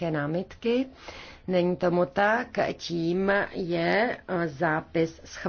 nějaké námitky. Není tomu tak, tím je eh, zápis schválen.